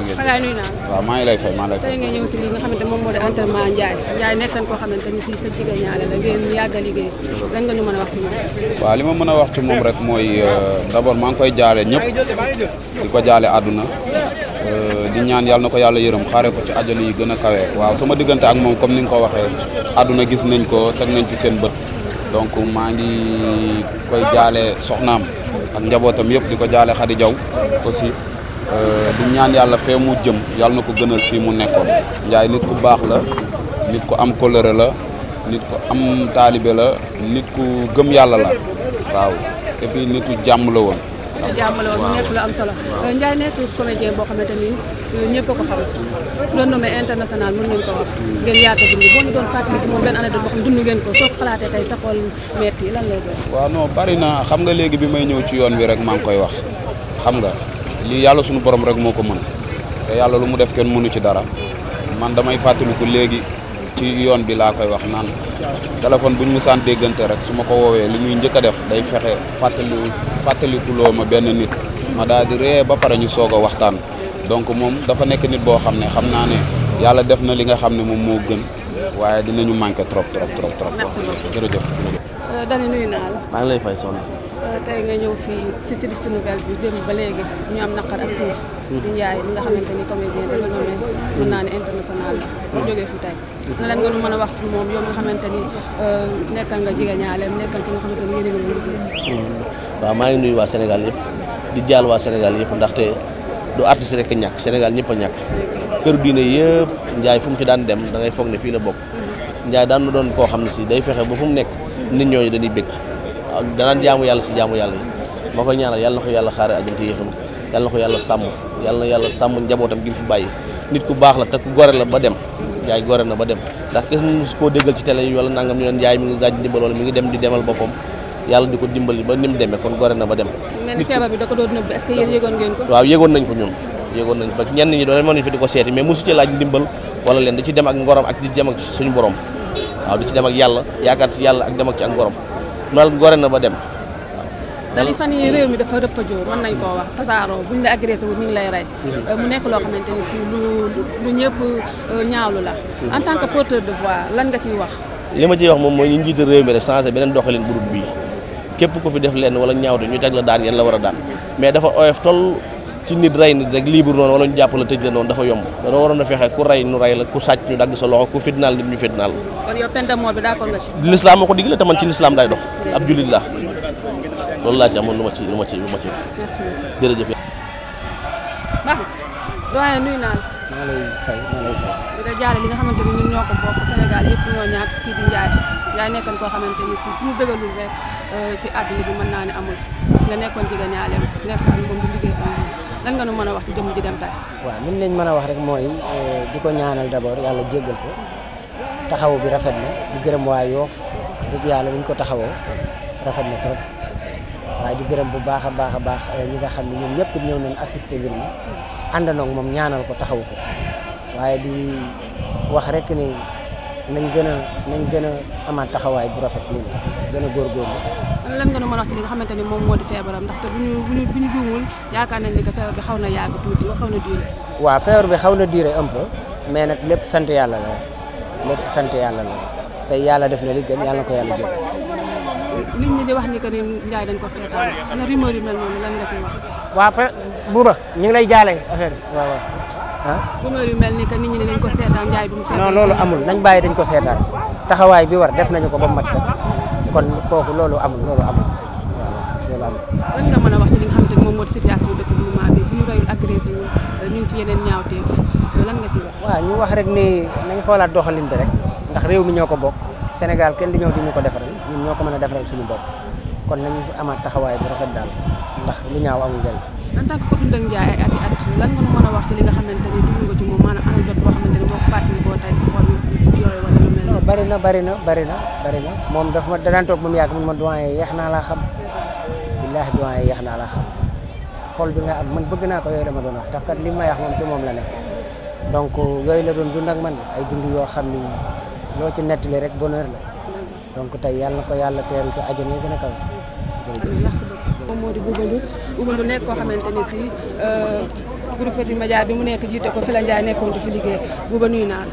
ziara waaw maa ngi lay fay maa lay fay. tey nga ñëw si lii nga xamante moom koo ni si sa jigéen ñaale la ngeen yàgg a liggéey lan nga ñu mën a wax ci moom. waaw li ma mën a wax ci moom rek mooy euh, d'abord maa ngi koy jaale ñëpp di ko jaale àdduna euh, di ñaan yàlla na ko yàlla yërëm xare ko ci ajo yi gën a kawe. waaw sama diggante ak moom comme ni nga ko waxee àdduna gis nañ ko teg nañ ci seen bët donc maa ngi koy jaale soxnaam ak njabootam yëpp di ko jaale Khady Diaw aussi Euh, di ñaan yàlla fee mu jëm yàlla na ko gënal fii mu nekkoon njaay nit ku baax la nit ku am colère la nit ku am taalibe la nit ku gëm yàlla la waaw et puis nitu jàmm la woon waaw jàmmale woon am solo. waaw euh, Ndiaye nekk comédien boo euh, xam. doon nommé international mën ko xam bari na xam nga léegi bi may ñëw ci yoon wi rek maa ngi koy wax xam nga. lii yàlla suñu borom rek moo ko mën te yàlla lu mu def kenn mënu ci dara man damay fàttaliku léegi ci yoon bi laa koy wax naan téléphone bu ñu mu saan déggante rek su ma ko woowee li muy njëkk a def day fexe fàttali fàttalikuloo ma benn nit ma daal di ree ba pare ñu soog a waxtaan donc moom dafa nekk nit boo xam ne xam naa ne yàlla def na li nga xam ne moom moo gën waaye dinañu manqué trop trop trop trop jërëjëf euh, dana nuyu naa la maa ngi fay soxna tay nga ñew fi ci triste nouvelle bi dem ba légui ñu am nakar ak tous mm-hmm. di ñay mi nga xamanteni comédien dafa nommé mën na né international bu mm-hmm. joggé fi tay na lan nga ñu mëna a wax ci moom yow nga xamanteni euh nekkal nga jiga ñaalé nekkal ci nga xamanteni yéne nga a liggéey mm-hmm. ngi nuyu wa Sénégal yépp di jall wa Sénégal ndax té du artiste rek ñak Sénégal ñëpp ñak kër diiné yépp ñay fu mu ci daan dem da ngay foog ne fii la bok ñay daan doon ko xamni ci day fexé bu fu mu nekk nit ñooñu dañuy bëgg dalan jamu yalla yàlla jamu yalla mako ñaanal yalla nako yalla xare xaare te yexum yalla nako yalla sam yalla yàlla na yàlla sàmm njabootam gi mu fi bàyyi nit ku bax la te ku gore la ba dem yaay gore na ba dem ndax kess mu ko déggal ci tele yi wala nangam ñu len yaay mi ngi gaaj ndimbal wala mi ngi dem di demal boppam yalla diko dimbali ba nim demé kon gore na ba dem feebar bi da ko do neub est-ce que yéen yëgoon ngeen ko waaw yegon nañ ko ñun yegon nañ ba ñen ñi do doon mënu fi diko séti mais musu ci laaj dimbal wala leen da ci dem ak ngorom ak di dem ak suñu borom waaw di ci dem ak yalla yaakar ci yalla ak dem ak ci ak ngorom loolu gore na ba dem waaw. fan yii réew mi dafa rëppajoo mën nañ koo wax tasaaroo buñ la agressé wu ñu ngi lay rey. Mm-hmm. mu nekk loo xamante ni si ñëpp euh, ñaawlu la. Mm-hmm. en tant que porteur de voix lan nga ciy wax. li ma ciy wax moom mooy ñu njiital réew mi rek changé beneen doxalin groupe bii képp ku fi def lenn wala ñaawte ñu teg la daan yéen la war a daan mais dafa oyof toll. ci nit rey nit rek libre noonu wala ñu jàpp la tëj la noonu dafa yomb dañoo waroon a fexe ku rey nu rey la ku sàcc ñu dagg sa loxo ku fitnaal nit ñu fitnaal kon yow de mort ma ci lu la maa lay fay maa lay fay di la li nga xamante ni ñoo ko bokk Sénégal yëpp ñoo ñàkk kii di njaay yaay nekkoon koo xamante ni si bu ñu bëggalul rek euh, ci àddina bi mën naa amul nga nekkoon jigéen ñaaleem nekk moom di liggéey lan nga nu mën a wax ci jëmm ji dem tay waaw li leen mën a wax rek mooy eh, di ko ñaanal d'abord yàlla jéggal ko taxaw bi rafet na di gërëm waa Yoof dëgg yàlla ñu ko taxawoo rafet na trop waaye di gërëm bu baax a baax a baax eh, ñi nga xam ne ñoom ñëpp ñëw nañ assisté mbir mi àndandoo moom ñaanal ko taxaw ko waaye di wax rek ni nañ gën a nañ gën a amaat taxawaay bu rafet nii gën a góorgóorlu lan nga nu a wax nga xamante ni moom moo di feebaram ndaxte yaakaar nañ ni que bi xaw na yàgg tuuti xaw na diire. bi xaw na diire un peu mais nag lépp sant yàlla la sant yàlla la tey yàlla def na li yàlla na ko yàlla nit ñi wax ni que ni dañ ko seetaan na yu mel noonu lan nga ciy wax. waaw ñu ngi lay jaale affaire bi waaw waaw. mel ni que nit ñi mu seetaan. loolu amul nañ bàyyi dañ ko seetaan taxawaay bi war def nañu ko ba mu mat sax kon kooku loolu amul loolu amul waaw loolu lan nga mën a wax ci li nga xamante moom moo di situation dëkk bi moment bi bu ñu rayul agressé euh, ñu ngi ci yeneen ñaawteef euh, lan nga ci wax. ñu wax rek nii nañ xoolaat doxalin bi rek ndax réew mi ñoo ko bokk Sénégal kenn di ñëw di ñu ko defaral ñun ñoo ko mën a defaral suñu bopp kon nañu amaat taxawaay bu rafet daal ndax lu ñaaw amul njëriñ. en tant que ko dund ak Ndiaye ay at i at lan nga mën a wax ci li nga xamante ni dund nga ci moom maanaam anecdote boo xamante ko fàttalikoo bari na bari na bari na bari na moom daf ma daan toog ba mu yàgg mun ma doyen yeex naa laa xam billaahi doyen yeex naa laa xam xol bi nga am man bëgg naa ko yooyu dama doon wax li ma wax moom ci la nekk donc yooyu la doon dund ak man ay dund yoo xam ni loo ci nettali rek bonheur la donc tey yàlla na ko yàlla teeru ci àjjana yi a kawe jërëjëf moom moo nekk euh, bi mu nekk jiite ko fi la nekkoon di fi liggéey Bouba nuyu naa la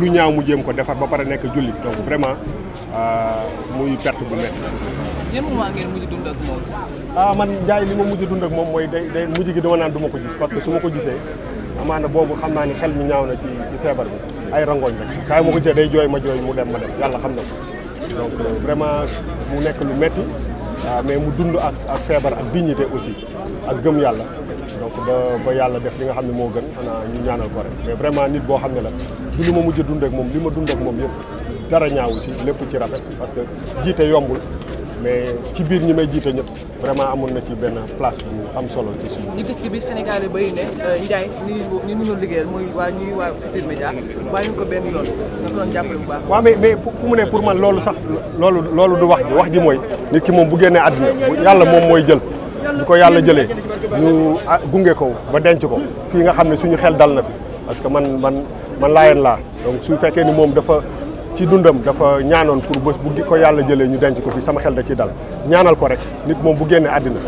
lu ñaaw mu jéem ko defar ba pare nekk jullit donc vraiment euh, muy perte bu métti. yan moment ngeen mujj dund ak ah, man Ndiaye li ma mujj dund ak moom mooy day day mujj gi dama naan du ma ko gis parce que su ma ko gisee amaana boobu xam naa ni xel mu ñaaw na ci ci feebar bi ay rangoñ rek saa ma ko gisee day jooy ma jooy mu dem ma dem yàlla xam ne ko donc euh, vraiment mu nekk lu metti ah, mais mu dund ak ak feebar ak dignité aussi ak gëm yàlla. donc ba yàlla def li nga xam ne moo gën xanaa ñu ñaanal ko rek mais vraiment nit boo xam ne la du li ma mujj dund ak moom li ma dund ak moom yëpp dara ñaawu si lépp ci rafet parce que jiite yombul mais ci biir ñi may jiite ñëpp vraiment amoon na ci benn place bu am solo ci ñu gis ci biir Sénégal yu bëri ne euh, Ndiaye ni ñu mënul liggéeyal muy waa ñuy ñu ko benn yoon nga doon jàppale bu mu ne pour man loolu sax loolu loolu du wax ji wax ji mooy nit ki moom bu génnee àddina yàlla moom mooy jël. bu ko yàlla jëlee ñu ah, gunge ko ba denc ko fii nga xam ne suñu xel dal na fi parce que man man man laayeen laa donc su fekkee ni moom dafa ci dundam dafa ñaanoon pour bés bu ko yàlla jëlee ñu denc ko fi sama xel da ci dal ñaanal ko rek nit moom bu génnee àddina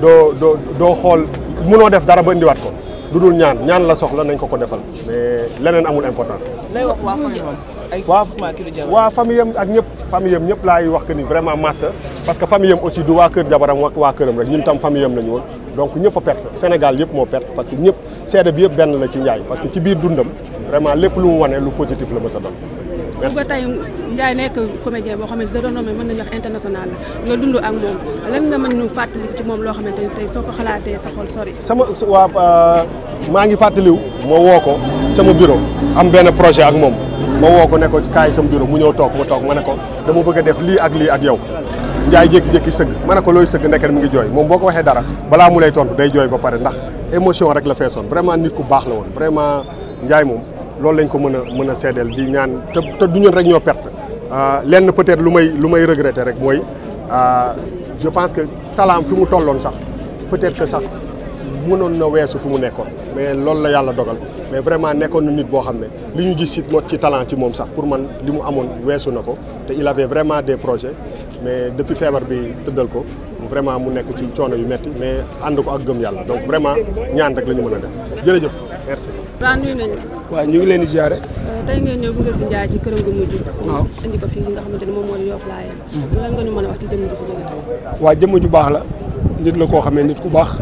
doo doo doo xool mënoo def dara ba indiwaat ko du dul ñaan ñaan la soxla nañ ko ko defal mais leneen amul importance. lay waa famille ak ñëpp. famille am ñëpp laay wax que ni vraiment massa parce que famille aussi du wa keur jabaram wa keuram rek ñun tam famille am la ñu donc ñëpp perte Sénégal yëpp mo perte parce que ñëpp seede bi yëpp benn la ci Ndiaye parce que ci biir dundam vraiment lepp lu mu wone lu positif la mësa a merci ba tey Ndiaye nekk comédien boo xamante ne da doon nommé mën nañu wax international la nga dund ak moom loo xamante ne tey soo sa xol sori. sama waa maa ngi fàttaliw ma woo ko sama bureau am benn projet ak moom ma woo ko ne ko kaay sama bureau mu ñëw toog ma toog ma ne ko dama bëgg a def lii ak lii ak yow. Njaay jékki-jékki sëgg ma ne ko looy sëgg nekk mi ngi jooy moom boo ko waxee dara balaa mu lay tontu day jooy ba pare ndax émotion rek la feesoon vraiment nit ku baax la woon vraiment Njaay moom. loolu lañ ko mën a mën di ñaan te te du ñun rek ñoo perte euh, lenn peut-être lu may regretter rek mooy euh, je pense que talam fi mu tolloon sax peut-être que sax mënoon na weesu fi mu nekkoon mais loolu la yàlla dogal mais vraiment nekkoon na nit boo xam ne li ñu gis ci mot ci talent ci moom sax pour man li mu amoon weesu na ko te il avait vraiment des projets mais depuis feebar bi tëddal ko vraiment mu nekk ci coono yu metti mais ànd ko ak gëm yàlla donc vraiment ñaan rek la ñu mën a def jërëjëf. merci. waaw nuyu ñu ngi leen di ziare. Euh, tey ngeen ñëw bu nga si Ndiaye ci këram gu mujj. indi ko fii nga ne hmm. jëmm ju baax la nit la koo xamee nit ku baax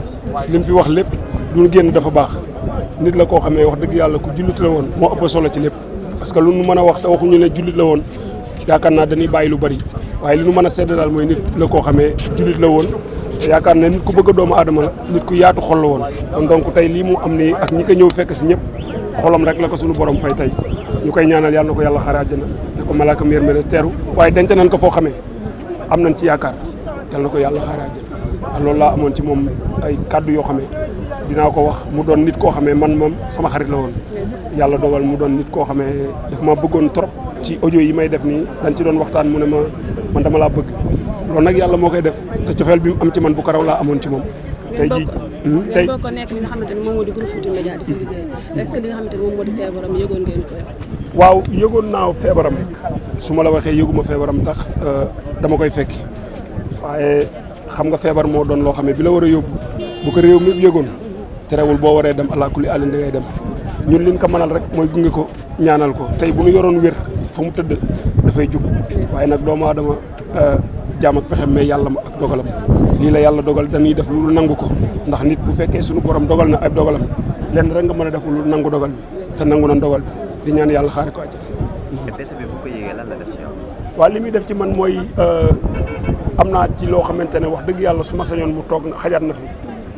li mu fi wax lépp du génn dafa baax nit la koo xamee wax dëgg yàlla ko jullit la woon moo ëpp solo ci lépp parce que lu nu mën a wax te waxuñu ne jullit la woon yaakaar naa dañuy bàyyi lu bari waaye li nu mën a sedd daal mooy nit la koo xamee jullit la woon yaakaar na nit ku bëgg doomu aadama la nit ku yaatu xol la woon kon donc tey lii mu am nii ak ñi ko ñëw fekk si ñëpp xolam rek la ko suñu boroom fay tey ñu koy ñaanal yàlla na ko yàlla xare àjjana ne ko malaaka miir mi teeru waaye denc nañ ko foo xamee am nañ ci yaakaar yàlla na ko yàlla xare àjjana laa amoon ci moom ay kàddu yoo xamee dinaa ko wax mu doon nit koo xamee man moom sama xarit la woon yàlla dogal mu doon nit koo xamee daf ma bëggoon trop ci audio yi may def nii dañ ci doon waxtaan mu ne ma man dama laa bëgg loolu nag yàlla moo koy def te cofeel bi mu am ci man bu ko raw laa amoon ci moom. tey jii hmm, ngeen bokk nekk yëgoon waaw yëgoon naa feebaram su ma la waxee yëguma feebaram tax euh, dama koy fekk waaye xam nga feebar moo doon loo xam ne bi la war a yóbbu bu ko réew mi yëgoon terewul boo waree dem allah kulli àllin dem ñun liñ ko mënal rek mooy gunge ko ñaanal ko tey bu ñu yoroon wér fa mu tëdd dafay jug waaye nag doomu aadama euh, jaam ak pexem mais yàlla ak dogalam lii la dogal dañuy def lu nangu ndax nit bu fekkee suñu borom dogal na ab dogalam lenn rek nga mën def lu nangu dogal bi te nangu na dogal di ñaan yàlla xaari ko àjjana. waaw li muy def ci man mooy euh, am naa ci loo xamante wax dëgg yàlla su ma mu toog xajaat na fi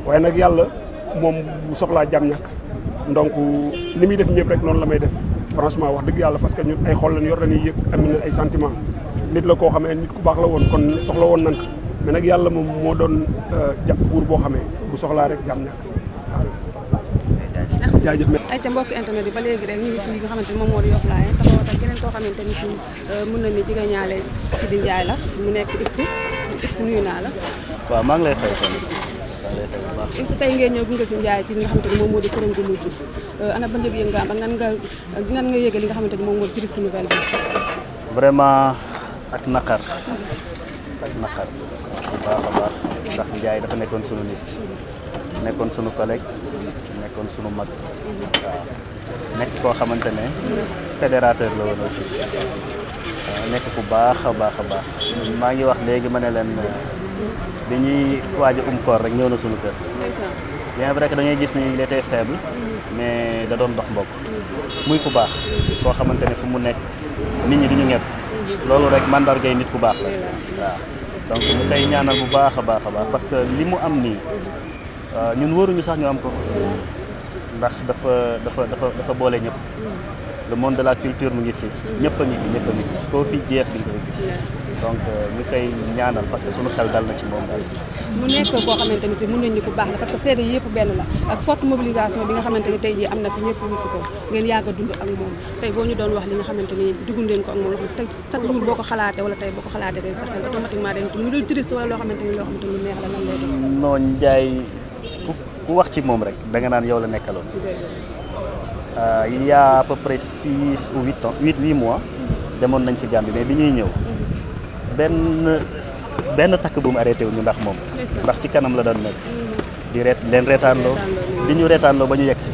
waaye nag yàlla moom bu soxlaa jàmm ñàkk donc li muy def ñëpp rek def franchement wax parce que ñun ay xol lañ yor dañuy ay sentiment nit la koo xamee nit ku baax la woon kon soxla woon nan mais nag yàlla moom moo doon euh, jàpp buur boo xamee bu soxlaa rek jàmm ñàkk waaw. jaajëf ay ca mbokk internet yi ba léegi rek ñu nga xamante ni moom moo di Yoff Layeen sama xamante ni fii euh, mën na ni jigéen ñaale Sidi Ndiaye la mu nekk X X naa la. waaw maa ngi lay fay kon maa ngi bu baax. X tey ngeen ñëw moom moo di kuréel gu mujj ana ba njëg yëg nga am nan nga nan nga li nga xamante ni moom moo di ci euh, nouvelle bi. vraiment. ak nakar ak nakar bu baax baax ndax njaay dafa nekkoon sunu nit nekkoon sunu collègue nekkoon sunu mag nekk koo xamante ne fédérateur la woon aussi nekk ku baax a baax a baax maa ngi wax léegi ma ne leen dañuy waaj a um koor rek ñëw na sunu kër bien vrai que gis ni il était faible mais da doon dox mbokk muy ku baax koo xamante ne fu mu nekk nit ñi loolu rek mandargay nit ku baax la waaw donc ñu koy ñaanal bu baax a baax a baax parce que li mu am nii euh, ñun wóoruñu sax ñu am ko ndax dafa dafa dafa dafa boole ñëpp le monde de la culture mu ngi fi ñëpp a ngi fi a ngi koo fi jeex bi nga koy gis donc euh, ñu koy ñaanal parce que sunu xel dal na ci moom daal. mu nekk koo xamante ni si mën nañu ko baax la parce que seede yëpp benn la ak forte mobilisation bi nga xamante ni tey jii am na fi ñëpp wisi ko ngeen yàgg a dund ak moom tey boo ñu doon wax li nga xamante ni dugg leen ko ak moom tey chaque jour boo ko xalaatee wala tey boo ko xalaatee day sax automatiquement dañu tudd lu dul triste wala loo xamante loo xamante ni lu neex la ku wax ci moom rek danga naan yow la nekkaloon. Euh, il y a à peu près six ou huit ans mois demoon nañ ci Gambie mais bi ñuy ñëw. benn benn takk bu mu arrêté wu ndax moom ndax ci kanam la doon nekk di reet leen reetaanloo di ñu reetaanloo ba ñu yegg si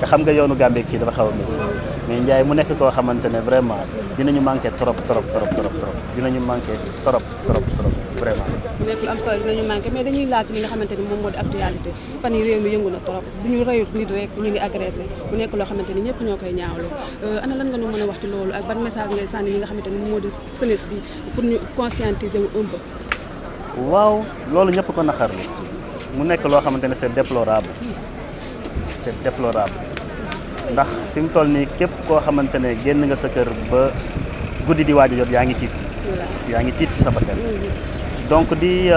te xam nga yoonu Gambie kii dafa xaw a métti mais Ndiaye mu nekk koo xamante ne vraiment dinañu manqué trop trop trop trop trop dinañu manqué trop vraiment nekk lu am solo dinañu manqué mais dañuy laaj li nga xamante ni moom moo di actualité fan yi réew mi yëngu na bu ñu reyut nit rek ñu ngi agressé mu nekk loo xamante ni ñëpp ñoo koy ñaawlu euh, ana lan nga ñu mën a wax ci loolu ak ban message ngay sànni yi nga xamante ni moo di jeunesse bi pour ñu conscientiser wu un waaw loolu ñëpp ko naqarlu mu nekk loo xamante ne c'est déplorable c'est déplorable ndax fi mu toll nii képp koo xamante ne génn nga sa kër ba guddi di waaj yaa ngi tiit yaa ngi tiit si sa donc di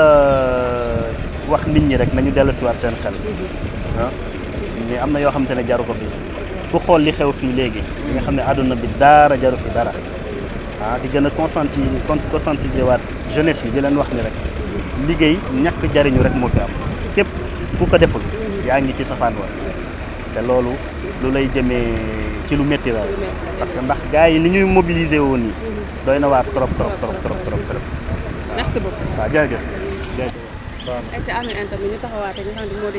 wax nit ñi rek nañu war seen xel ni amna yo xamantene jaru ko fi ku xol li xew fi legi nga xamne aduna bi dara jaru fi dara ah di gëna a consenti conscientiser wat jeunesse bi di leen wax ni rek liggéey ñak jariñu rek mo fi am kep ku ko deful yaa ngi ci safan wa te lolu lu lay jëmee ci lu métti la parce que ndax gaay yi li ñuy mobiliser woni doyna doy trop trop trop trop trop trop merci beaucoup waaw jërëjëf jërëjëf ci ami internet ñu taxawaate nga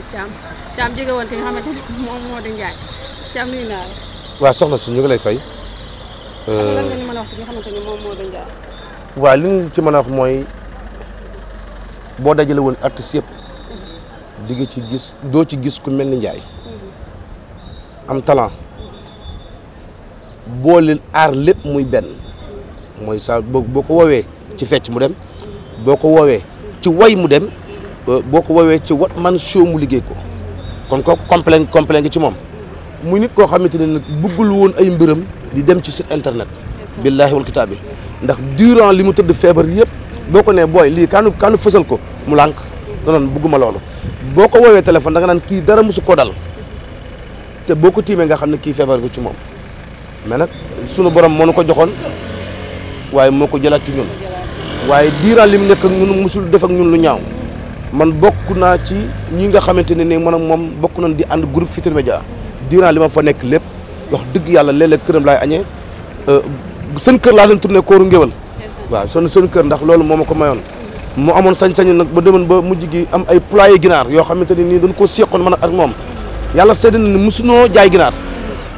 xam ne moo di moom moo di Ndiaye Thiam nuyu naa la soxna si ñu ngi lay fay lan nga euh, ñu ne ci mën a wax mooy boo dajale woon artistes yëpp di ci gis doo ci gis ku mel ni njaay mm-hmm. am talent booleel aar lépp muy benn mooy saa boo ko woowee ci fecc mu dem boo ko woowee ci way mu dem boo ko woowee ci wat man show mu liggéey ko kon kooku complain complain ngi ci moom mu nit koo xamante ne nag bëggul woon ay mbiram di dem ci site internet billaahi wal kitaab bi ndax durant li mu tëdd feebar yëpp boo ko nee booy lii kaanu kaanu fësal ko mu lànk noonu bëgguma loolu boo ko woowee téléphone danga nga naan kii dara mosu koo dal te boo ko tiimee nga xam ne kii feebar ko ci moom mais nag sunu borom moo nu ko joxoon waaye moo ko jëlaat ci ñun waaye diiraan li mu nekk ak ñun musul def ak ñun lu ñaaw man bokk naa ci ñi nga xamante ne ne man ak moom bokk nañ di ànd groupe Futurs Médias diiraan li ma fa nekk lépp wax dëgg yàlla léeg-léeg këram laay añee euh, seen kër laa doon tourné kooru ngéwal waaw seen seen kër ndax loolu moom ma ko mayoon moo amoon sañ-sañ nag ba demoon ba mujj gi am ay poulailler ginaar yoo xamante ne nii dañ koo seqoon man ak moom yàlla seede na ne mosunoo jaay ginaar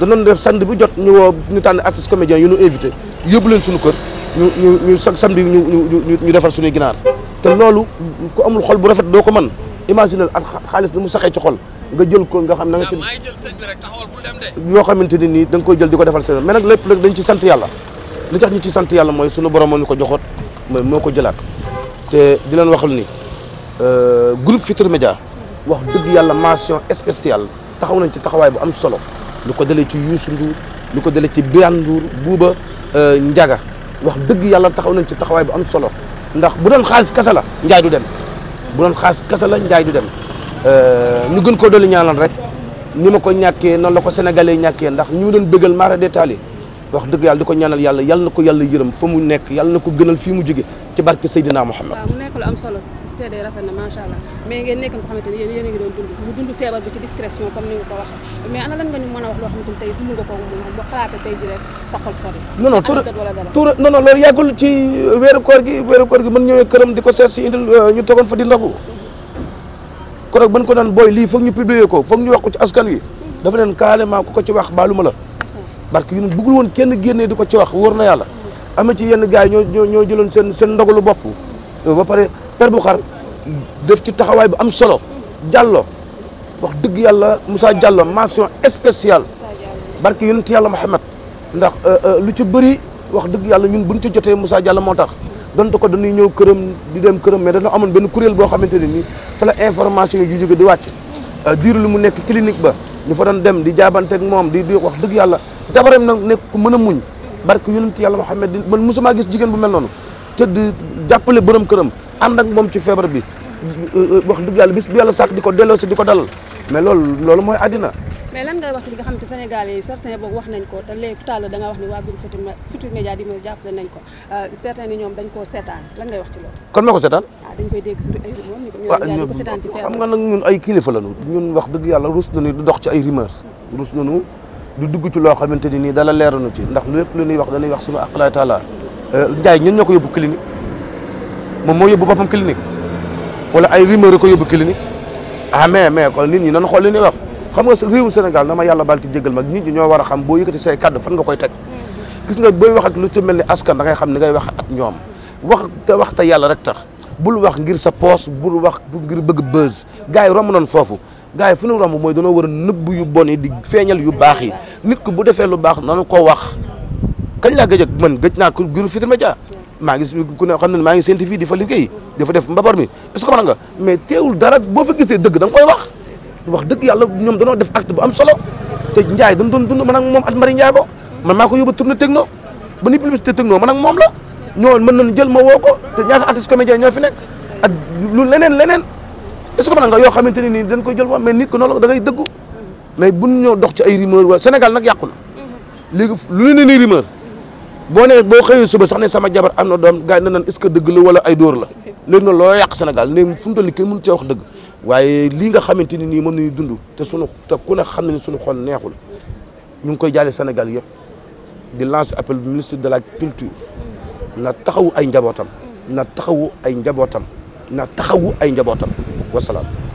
danoon def sand bu jot ñu woo ñu tànn artiste comédien yu ñu invité yóbbu leen suñu kër ñu ñu ñu samedi ñu ñu ñu defar suñuy ginaar te loolu ku amul xol bu rafet doo ko man imaginal ak xaalis ni mu saxee ci xol nga jël ko nga xam na nga ci yoo xamante ni nii da nga koy jël di ko defal seen mais nag lépp nag dañ ci sant yàlla li tax ñu ci sant yàlla mooy suñu borom moo ñu ko joxoot mooy moo ko jëlaat te di leen waxal ni euh, groupe Futurs Médias wax dëgg yàlla mention spéciale taxaw nañ ci taxawaay bu am solo lu ko delee ci Youssou Ndour lu ko delee ci Birane Ndour Bouba euh, Ndiaga wax dëgg yàlla taxaw nañ ci taxawaay bu am solo ndax bu doon xaalis kasa la njaay du dem bu doon xaalis kasa la njaay du dem euh, ñu gën koo dolli ñaanal rek ni ma ko ñàkkee noonu la ko sénégalais yi ñàkkee ndax ñu doon bëggal mara détaillé wax dëgg yàlla di ko ñaanal yàlla yàlla na ko yàlla yërëm foo mu nekk yàlla na ko gënal fii mu jóge ci barke Seydina Muhammad. waaw mu nekk lu te day rafet na macha allah mais ngeen nekk nga xamante ni yéen ngi doon dund mu dund feebar bi ci discrétion comme ni nga ko waxee mais ana lan nga ñu mën wax loo xamante ni dund nga ko moom ba xalaate tey ji rek sori non non non non ci koor gi koor gi mën si indil euh, ñu toogoon fa di ndogu kon nag mën ko naan booy lii foog ñu publier ko foog ñu wax ko ci askan wi dafa leen carrément ku ko ci wax baaluma la parce ñun bëggul woon kenn génnee di ci wax wóor na ci yenn ñoo ñoo ba per bu xar def ci taxawaay bu am solo Diallo wax dëgg yàlla Moussa Diallo mention spéciale barke yonent yàlla Muhammad ndax euh, euh, lu ci bëri wax dëgg yàlla ñun buñ ci jotee Moussa Diallo moo tax donte ko dañuy ñëw këram di dem këram mais dañoo amoon benn kuréel boo xamante ne nii fa la information yu jóge di wàcc euh, diir lu mu nekk clinique ba ñu fa doon dem di jaabanteeg moom di di wax dëgg yàlla jabaram na nekk ku mën a muñ barke yonent yàlla Muhammad man mosumaa gis jigéen bu mel noonu tëdd jàppale borom këram ànd ak moom ci feebar bi wax dëgg yàlla bis bi yàlla sàkk di ko delloo si di ko dalal mais loolu loolu mooy àddina mais lan ngay wax li nga xam te Sénégalais yi certains boog wax nañ ko te léegi tout da nga wax ni waa groupe ma jàppale nañ ko euh, certains ni ñoom dañ koo seetaan lan ngay wax kon moo ko seetaan waaw ah, dañ koy dégg sur ay rumeur xam nga nag ñun ay kilifa lañu ñun wax dëgg yàlla rus na du dox ci ay rumeur rus nañu du dugg ci loo xamante ni nii dala leeranu ci ndax lépp lu ñuy wax dañuy wax suñu aqlaay taala Euh, Ndiaye ñun ñoo ko yóbbu clinique moom moo yóbbu boppam clinique walla ay rumeur ko yóbbu clinique ah mais mais kon nit ñi nan xool li ñuy wax xam nga réewum Sénégal na ma yàlla baal ci jéggal mag nit ñi ñoo war a xam boo yëkkati say kaddu fan nga koy teg mm. gis nga booy wax ak lu ci mel ni askan da ngay xam ni ngay wax ak ñoom wax te wax te yàlla rek tax bul wax ngir sa poos bul wax ngir bëgg buzz gars yi romb noonu foofu gars yi fu ñu mooy danoo war a nëbb yu bon yi di feeñal yu baax yi nit ku bu defee lu baax nanu ko wax kañ laa gëj man gëj naa ko groupe maa ngi ku ne xam ne maa ngi senti fii di fa liggéey dafa def mbabar mi est-ce que mën nga mais teewul dara boo fa gisee dëgg da koy wax wax dëgg yàlla ñoom danoo def acte bu am solo te Ndiaye dañ doon dund man ak moom at mari Ndiaye ko man maa ko yóbbu tournée techno ba ni publicité techno man ak moom ko te ñaata artiste comédien ñoo lu leneen leneen est-ce que mën nga yoo xamante ne nii dañ koy jël wax mais nit ko noonu da ngay dëggu mais buñ ñoo dox ci ay rumeur wa Sénégal nag yàqu na mm-hmm. léegi lu ne ni rumeur boo nee boo xëyee suba sax ne sama jabar am na doom gars yi na ce que dëgg la wala ay dóor la léegi nag loo yàq Sénégal ne fu mu toll nii kenn mënu cee wax dëgg waaye lii nga xamante ni nii moom nañu dund te sunu te ku ne xam ne ni sunu xol neexul ñu ngi koy jaale Sénégal yëpp di lancer appel ministre de la culture na taxawu ay njabootam na taxawu ay njabootam na taxawu ay njabootam wasalaam